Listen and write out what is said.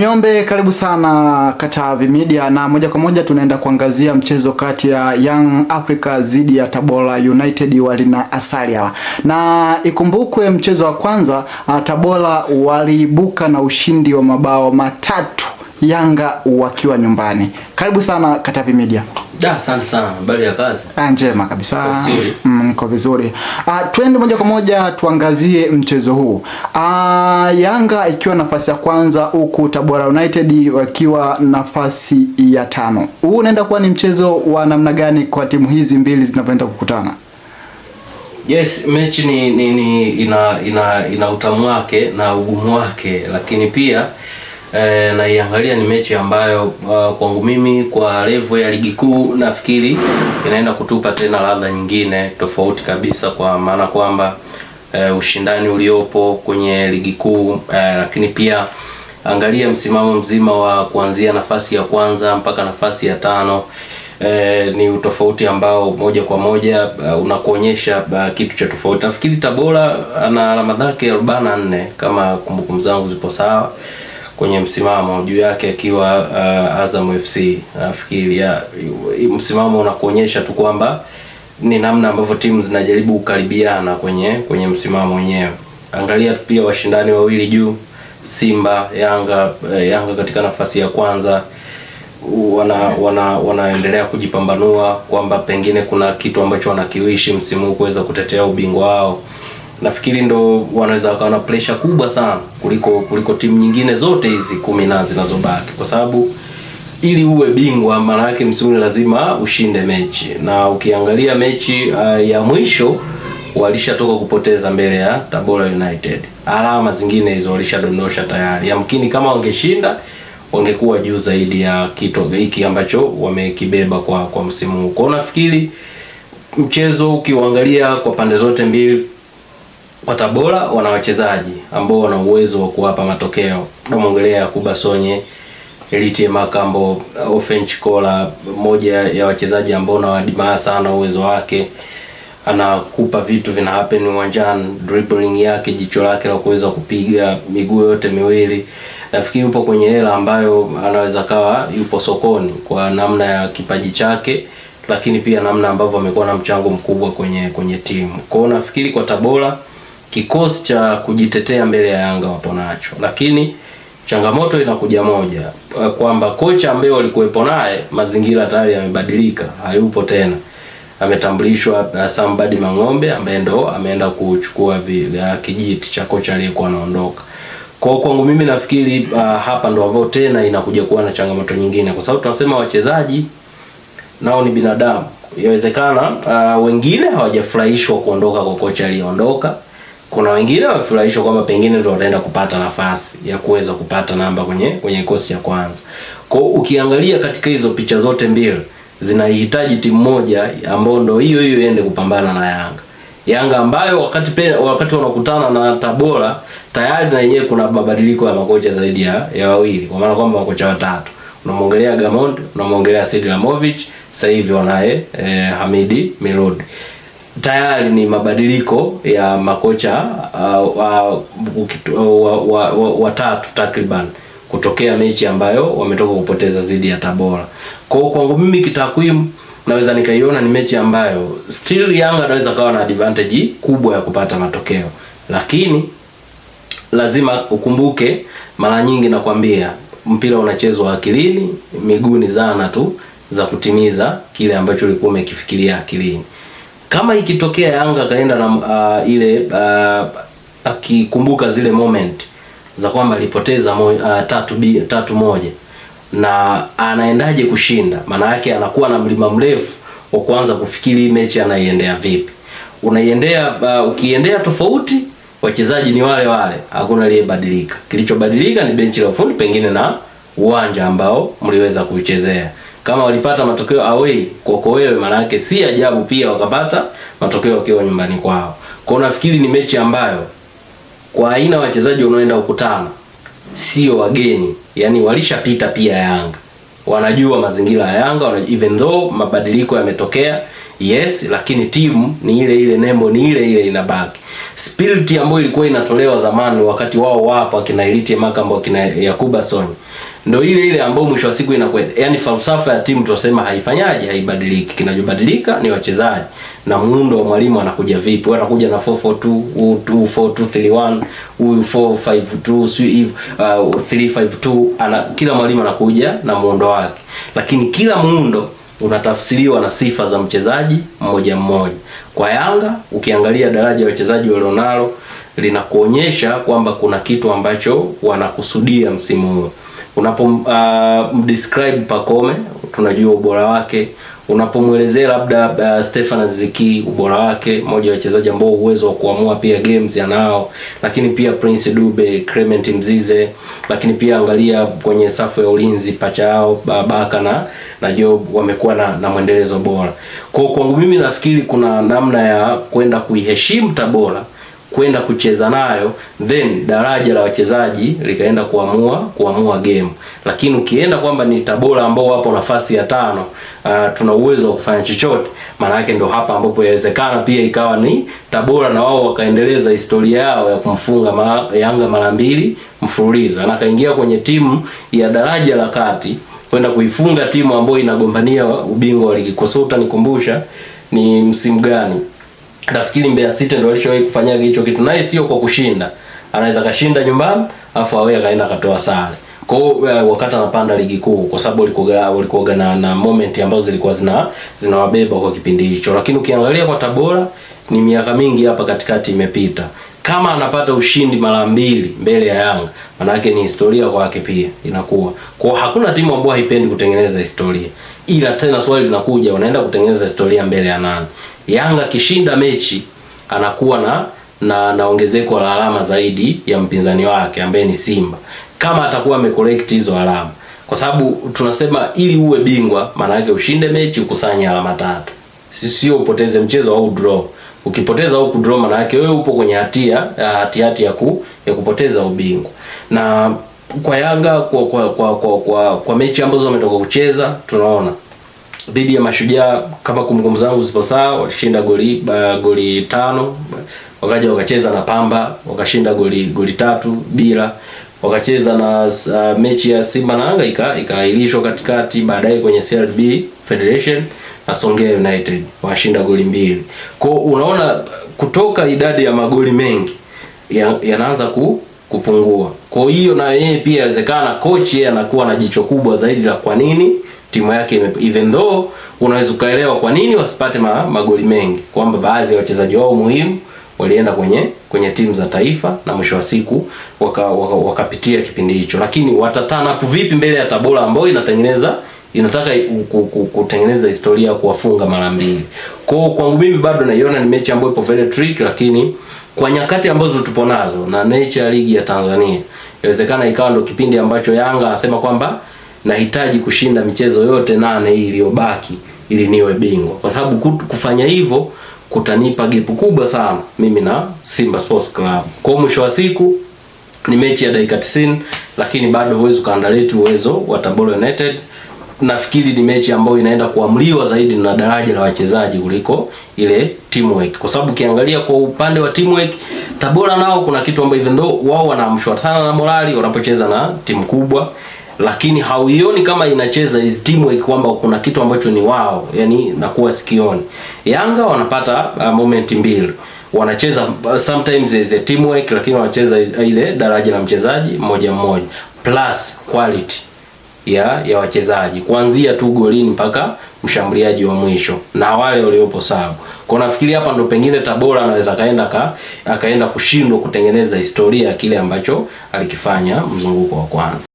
Mjombe, karibu sana Katavi Media, na moja kwa moja tunaenda kuangazia mchezo kati ya Young Africa dhidi ya Tabora United walina asali hawa, na ikumbukwe mchezo wa kwanza ah, Tabora waliibuka na ushindi wa mabao matatu Yanga wakiwa nyumbani. Karibu sana Katavi Media. Da, asante sana. Habari ya kazi? Ah, njema kabisa. Mm, niko vizuri. Ah, twende moja kwa moja tuangazie mchezo huu. Ah, Yanga ikiwa nafasi ya kwanza huku Tabora United wakiwa nafasi ya tano. Huu unaenda kuwa ni mchezo wa namna gani kwa timu hizi mbili zinavyoenda kukutana? Yes, mechi ni, ni, ni ina ina ina utamu wake na ugumu wake, lakini pia e, naiangalia ni mechi ambayo uh, kwangu mimi kwa level ya ligi kuu nafikiri inaenda kutupa tena ladha nyingine tofauti kabisa, kwa maana kwamba e, ushindani uliopo kwenye ligi kuu e, lakini pia angalia msimamo mzima wa kuanzia nafasi ya kwanza mpaka nafasi ya tano. E, ni utofauti ambao moja kwa moja uh, unakuonyesha uh, kitu cha tofauti. Nafikiri Tabora ana alama zake 44 kama kumbukumbu zangu zipo sawa kwenye msimamo juu yake akiwa uh, Azam FC nafikiri msimamo unakuonyesha tu kwamba ni namna ambavyo timu zinajaribu kukaribiana kwenye kwenye msimamo wenyewe. Angalia pia washindani wawili juu, Simba, Yanga, eh, Yanga katika nafasi ya kwanza wana wana wanaendelea kujipambanua kwamba pengine kuna kitu ambacho wanakiwishi msimu huu kuweza kutetea ubingwa wao nafikiri ndo wanaweza wakawa na pressure kubwa sana kuliko kuliko timu nyingine zote hizi kumi na zinazobaki, kwa sababu ili uwe bingwa maana yake msimu lazima ushinde mechi, na ukiangalia mechi uh, ya mwisho walishatoka kupoteza mbele ya Tabora United, alama zingine hizo walishadondosha tayari. Yamkini kama wangeshinda wangekuwa juu zaidi ya kitu hiki ambacho wamekibeba kwa kwa msimu huu. Kwa nafikiri mchezo ukiuangalia kwa pande zote mbili kwa Tabora wana wachezaji ambao wana uwezo wa kuwapa matokeo. Tunamwongelea Kuba Sonye, Elite Makambo, Offense Kola, moja ya wachezaji ambao nawadimaa sana uwezo wake. Anakupa vitu vina happen uwanjani, dribbling yake, jicho lake la kuweza kupiga, miguu yote miwili. Nafikiri yupo kwenye hela ambayo anaweza kawa yupo sokoni kwa namna ya kipaji chake lakini pia namna ambavyo amekuwa na mchango mkubwa kwenye kwenye timu. Kwa hiyo nafikiri kwa Tabora kikosi cha kujitetea mbele ya Yanga wapo nacho, lakini changamoto inakuja moja eh, kwamba kocha ambaye walikuwepo naye mazingira tayari yamebadilika, hayupo tena. Ametambulishwa Hassan eh, Badi Mang'ombe ambaye ndo ameenda kuchukua eh, kijiti cha kocha aliyekuwa anaondoka. Kwa kwangu mimi nafikiri uh, hapa ndo ambao tena inakuja kuwa na changamoto nyingine, kwa sababu tunasema wachezaji nao ni binadamu. Inawezekana uh, wengine hawajafurahishwa kuondoka kwa kocha aliyeondoka kuna wengine wamefurahishwa kwamba pengine ndio wataenda kupata nafasi ya kuweza kupata namba kwenye kwenye kikosi cha kwanza. Kwa ukiangalia katika hizo picha zote mbili zinahitaji timu moja ambayo ndio hiyo hiyo iende kupambana na Yanga. Yanga ambayo wakati pe, wakati wanakutana na Tabora tayari na yenyewe kuna mabadiliko ya makocha zaidi ya, ya wawili kwa maana kwamba makocha watatu. Unamwongelea Gamond, unamwongelea Sidi Lamovic, sasa hivi wanaye eh, Hamidi Mirudi tayari ni mabadiliko ya makocha uh, uh, uh, uh, watatu takriban kutokea mechi ambayo wametoka kupoteza dhidi ya Tabora. Kwa hiyo kwangu mimi kitakwimu naweza nikaiona ni mechi ambayo still Yanga anaweza kawa na advantage kubwa ya kupata matokeo, lakini lazima ukumbuke, mara nyingi nakwambia mpira unachezwa akilini, miguu ni zana tu za kutimiza kile ambacho ulikuwa umekifikiria akilini kama ikitokea Yanga kaenda na uh, ile uh, akikumbuka zile moment za kwamba alipoteza mo, uh, tatu, bi, tatu moja na anaendaje kushinda, maana yake anakuwa na mlima mrefu wa kuanza kufikiri mechi anaiendea vipi. Unaiendea uh, ukiendea tofauti, wachezaji ni wale wale, hakuna aliyebadilika. Kilichobadilika ni benchi la ufundi pengine na uwanja ambao mliweza kuchezea. Kama walipata matokeo away kwako wewe, maana yake si ajabu pia wakapata matokeo wakiwa nyumbani kwao. Kwa hiyo nafikiri ni mechi ambayo kwa aina wachezaji wanaoenda kukutana sio wageni, yani walishapita pia Yanga, wanajua mazingira ya Yanga wanajua, even though mabadiliko yametokea yes, lakini timu ni ile ile, nembo ni ile ile inabaki. Spirit ambayo ilikuwa inatolewa zamani wakati wao wapo akina Elite Makamba akina Yakuba Soni ndio ile ile ambayo mwisho wa siku inakwenda. Yaani falsafa ya timu tunasema haifanyaji, haibadiliki. Kinachobadilika ni wachezaji na muundo wa mwalimu. Anakuja vipi? Anakuja na 442 2 4-2-3-1 4-5-2 3-5-2. Ana kila mwalimu anakuja na muundo wake, lakini kila muundo unatafsiriwa na sifa za mchezaji mmoja mmoja. Kwa Yanga ukiangalia daraja ya wachezaji walionalo linakuonyesha kwamba kuna kitu ambacho wanakusudia msimu huu. Unapomdescribe uh, Pacome tunajua ubora wake, unapomwelezea labda uh, Stefan Aziziki ubora wake, mmoja wa wachezaji ambao uwezo wa kuamua pia games yanao, lakini pia Prince Dube, Clement Mzize, lakini pia angalia kwenye safu ya ulinzi pacha yao Babaka na na Job wamekuwa na, na mwendelezo bora. Kwa kwangu mimi nafikiri kuna namna ya kwenda kuiheshimu Tabora kwenda kucheza nayo, then daraja la wachezaji likaenda kuamua kuamua game. Lakini ukienda kwamba ni Tabora ambao wapo nafasi ya tano, uh, tuna uwezo wa kufanya chochote, maana yake ndio hapa ambapo yawezekana pia ikawa ni Tabora na wao wakaendeleza historia yao ya kumfunga ma, Yanga mara mbili mfululizo, na kaingia kwenye timu ya daraja la kati kwenda kuifunga timu ambayo inagombania ubingwa wa ligi. Kwa sababu utanikumbusha ni msimu gani? nafikiri Mbeya City ndio alishowahi kufanya hicho kitu, naye sio kwa kushinda, anaweza kashinda nyumbani afu awe akaenda akatoa sare kwa uh, eh, wakati anapanda ligi kuu, kwa sababu walikuwa walikuwa na, na moment ambazo zilikuwa zina zinawabeba kwa kipindi hicho. Lakini ukiangalia kwa Tabora ni miaka mingi hapa katikati imepita, kama anapata ushindi mara mbili mbele ya Yanga, maana yake ni historia kwake pia inakuwa Kwa Hakuna timu ambayo haipendi kutengeneza historia, ila tena swali linakuja, wanaenda kutengeneza historia mbele ya nani? Yanga akishinda mechi anakuwa na na na ongezeko la alama zaidi ya mpinzani wake ambaye ni Simba, kama atakuwa amecollect hizo alama, kwa sababu tunasema ili uwe bingwa, maana yake ushinde mechi ukusanye alama tatu, sio upoteze mchezo au draw. Ukipoteza au kudraw, maana yake wewe upo kwenye hatia hatihati ya, ku, ya kupoteza ubingwa na kwa Yanga kwa kwa kwa kwa, kwa, kwa mechi ambazo wametoka kucheza tunaona dhidi ya Mashujaa kama kumbukumbu zangu zipo sawa, walishinda goli uh, goli tano, wakaja wakacheza na Pamba wakashinda goli goli tatu bila, wakacheza na uh, mechi ya Simba na Yanga ika katikati, baadaye kwenye CRB Federation na Songea United washinda goli mbili. Kwa unaona kutoka idadi ya magoli mengi yanaanza ya ku kupungua. Kwa hiyo na yeye pia inawezekana kochi yeye anakuwa na jicho kubwa zaidi la kwa nini timu yake, even though unaweza ukaelewa kwa nini wasipate ma, magoli mengi, kwamba baadhi ya wachezaji wao muhimu walienda kwenye kwenye timu za taifa na mwisho wa siku wakapitia waka, waka kipindi hicho, lakini watatana kuvipi mbele ya Tabora ambayo inatengeneza inataka kutengeneza historia kuwafunga mara mbili. Kwa kwangu mimi bado naiona ni mechi ambayo ipo very trick lakini kwa nyakati ambazo tupo nazo na nature ya ligi ya Tanzania, inawezekana ikawa ndo kipindi ambacho Yanga anasema kwamba nahitaji kushinda michezo yote nane hii iliyobaki ili niwe bingwa, kwa sababu kufanya hivyo kutanipa gepu kubwa sana mimi na Simba Sports Club. Kwa mwisho wa siku ni mechi ya dakika 90, lakini bado huwezi ukaandaleti uwezo wa Tabora United. Nafikiri ni mechi ambayo inaenda kuamliwa zaidi na daraja la wachezaji kuliko ile teamwork, kwa sababu ukiangalia kwa upande wa teamwork, Tabora nao kuna kitu ambayo even though wao wanaamshwa sana na morali wanapocheza na timu kubwa lakini hauioni kama inacheza is teamwork kwamba kuna kitu ambacho ni wao, yani nakuwa sikioni. Yanga wanapata uh, moment mbili wanacheza uh, sometimes as a teamwork, lakini wanacheza uh, ile daraja la mchezaji mmoja mmoja plus quality ya ya wachezaji kuanzia tu golini mpaka mshambuliaji wa mwisho na wale waliopo sabu. Kwa nafikiri hapa ndo pengine Tabora anaweza kaenda ka, akaenda kushindwa kutengeneza historia kile ambacho alikifanya mzunguko wa kwanza.